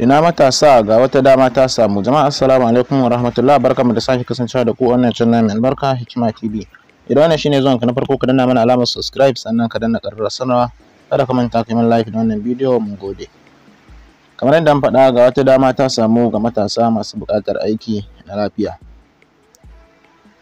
ina matasa ga wata dama ta samu jama'a assalamu alaikum wa rahmatullah barka da sake kasancewa da ku wannan channel mai albarka hikima tv idan wannan shine zuwan ka na farko ka danna mana alamar subscribe sannan ka danna karar sanarwa kada ka manta ka like da wannan bidiyo mun gode kamar yadda an faɗa ga wata dama ta samu ga matasa masu buƙatar aiki na lafiya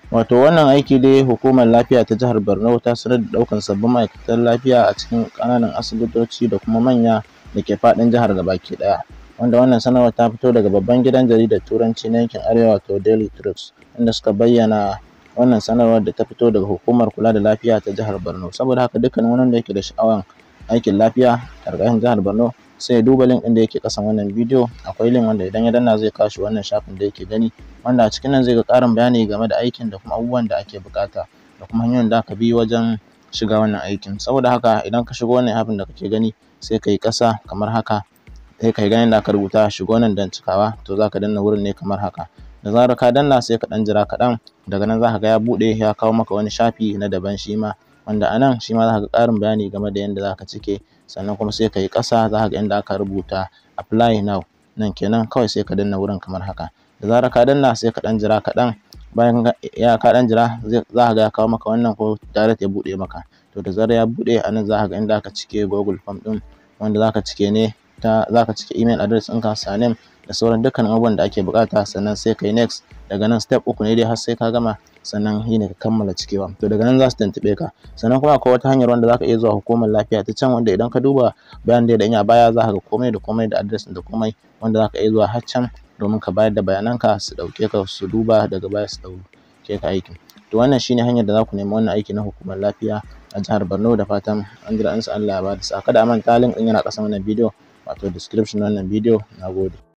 wato wannan aiki dai hukumar lafiya ta jihar borno ta sanar da ɗaukar sabbin ma'aikatan lafiya a cikin ƙananan asibitoci da kuma manya da ke faɗin jihar gabaki ɗaya wanda wannan sanarwar ta fito daga babban gidan jaridar turanci na yankin arewa wato daily trust inda suka bayyana wannan sanarwar da ta fito daga hukumar kula da lafiya ta jihar borno saboda haka dukkanin wani da yake da sha'awar aikin lafiya a ƙarƙashin jihar borno sai ya duba link ɗin da yake ƙasan wannan bidiyo akwai link wanda idan ya danna zai kashi wannan shafin da yake gani wanda a cikin nan zai ga ƙarin bayani game da aikin da kuma abubuwan da ake buƙata da kuma hanyoyin da aka bi wajen shiga wannan aikin saboda haka idan ka shiga wannan abin da kake gani sai ka yi ƙasa kamar haka sai kai ganin da aka rubuta shigo nan dan cikawa to za danna wurin ne kamar haka da zarar ka danna sai ka dan jira kaɗan daga nan zaka ga ya buɗe ya kawo maka wani shafi na daban shi ma wanda anan shi ma za ga karin bayani game da yanda za cike sannan kuma sai ka yi ƙasa za ga inda aka rubuta apply now nan kenan kawai sai ka danna wurin kamar haka da zarar ka danna sai ka dan jira kaɗan bayan ya ka dan jira za ga ya kawo maka wannan ko direct ya buɗe maka to da zarar ya buɗe anan zaka za ga inda aka cike google form ɗin wanda zaka cike ne ta ka cike email address sa sanem da sauran dukkan abubuwan da ake bukata sannan sai kai next daga nan step uku ne dai har sai ka gama sannan yi ne ka kammala cikewa to daga nan za su tuntuɓe ka sannan kuma akwai wata hanyar wanda za ka iya zuwa hukumar lafiya ta can wanda idan ka duba bayan da ya baya za ka ga komai da komai da adres da komai wanda za ka iya zuwa har can domin ka bayar da bayananka su ɗauke ka su duba daga baya su ɗauke ka aikin to wannan shine hanyar da za ku nemi wannan aiki na hukumar lafiya a jihar Borno da fatan an jira an sa Allah ya ba da sa kada manta link yana ƙasa wannan bidiyo wato description wannan bidiyo na gode